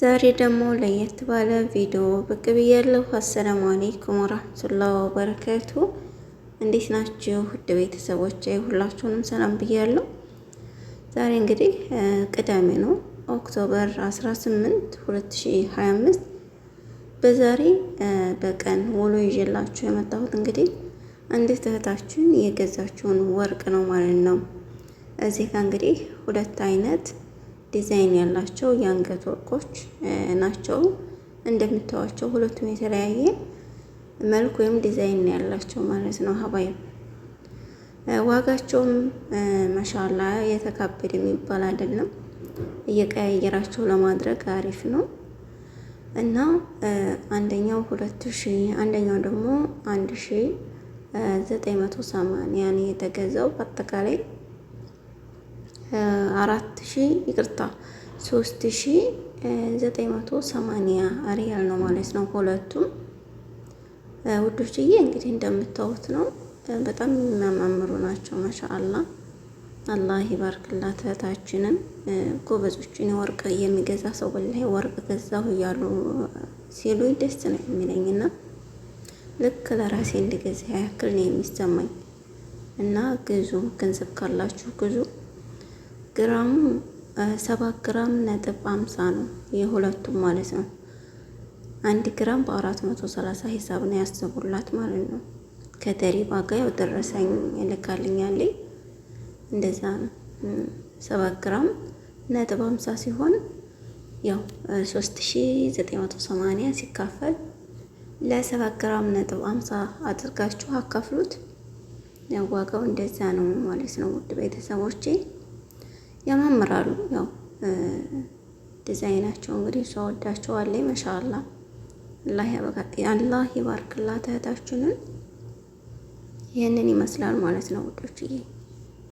ዛሬ ደግሞ ለየት ባለ ቪዲዮ ብቅ ብያለሁ። አሰላሙ አሌይኩም ወራህመቱላሂ ወበረከቱ። እንዴት ናችሁ ውድ ቤተሰቦች? ሁላችሁንም ሰላም ብያለሁ። ዛሬ እንግዲህ ቅዳሜ ነው ኦክቶበር 18 2025። በዛሬ በቀን ውሎ ይዤላችሁ የመጣሁት እንግዲህ አንዲት እህታችን የገዛችውን ወርቅ ነው ማለት ነው። እዚህ ጋር እንግዲህ ሁለት አይነት ዲዛይን ያላቸው የአንገት ወርቆች ናቸው። እንደምታዩቸው ሁለቱም የተለያየ መልክ ወይም ዲዛይን ያላቸው ማለት ነው። ሀባይ ዋጋቸውም መሻላ የተካበደ የሚባል አይደለም። እየቀያየራቸው ለማድረግ አሪፍ ነው እና አንደኛው ሁለት ሺህ አንደኛው ደግሞ አንድ ሺህ ዘጠኝ መቶ የተገዛው በአጠቃላይ አራት ሺ ይቅርታ ሶስት ሺ ዘጠኝ መቶ ሰማንያ ሪያል ነው ማለት ነው ሁለቱም። ውዶችዬ እንግዲህ እንደምታዩት ነው። በጣም የሚያማምሩ ናቸው። ማሻአላ አላህ ይባርክላት እህታችንን። ጎበዞችን ወርቅ የሚገዛ ሰው በላይ ወርቅ ገዛሁ እያሉ ሲሉ ደስ ነው የሚለኝና ልክ ለራሴ እንድገዛ ያክል ነው የሚሰማኝ እና ግዙ ገንዘብ ካላችሁ ግዙ። ግራሙ ሰባት ግራም ነጥብ አምሳ ነው የሁለቱም ማለት ነው። አንድ ግራም በአራት መቶ ሰላሳ ሂሳብ ነው ያስቡላት ማለት ነው። ከተሪባ ጋር ያው ደረሰኝ ይልካልኛል እንደዛ ነው። ሰባት ግራም ነጥብ አምሳ ሲሆን ያው ሶስት ሺ ዘጠኝ መቶ ሰማንያ ሲካፈል ለሰባት ግራም ነጥብ አምሳ አድርጋችሁ አካፍሉት። ያው ዋጋው እንደዛ ነው ማለት ነው ውድ ቤተሰቦቼ። ያማምራሉ። ያው ዲዛይናቸው እንግዲህ እሷ ወዳቸዋለች። ማሻአላ አላህ ይባርክላት እህታችንን። ይህንን ይመስላል ማለት ነው ውዶችዬ።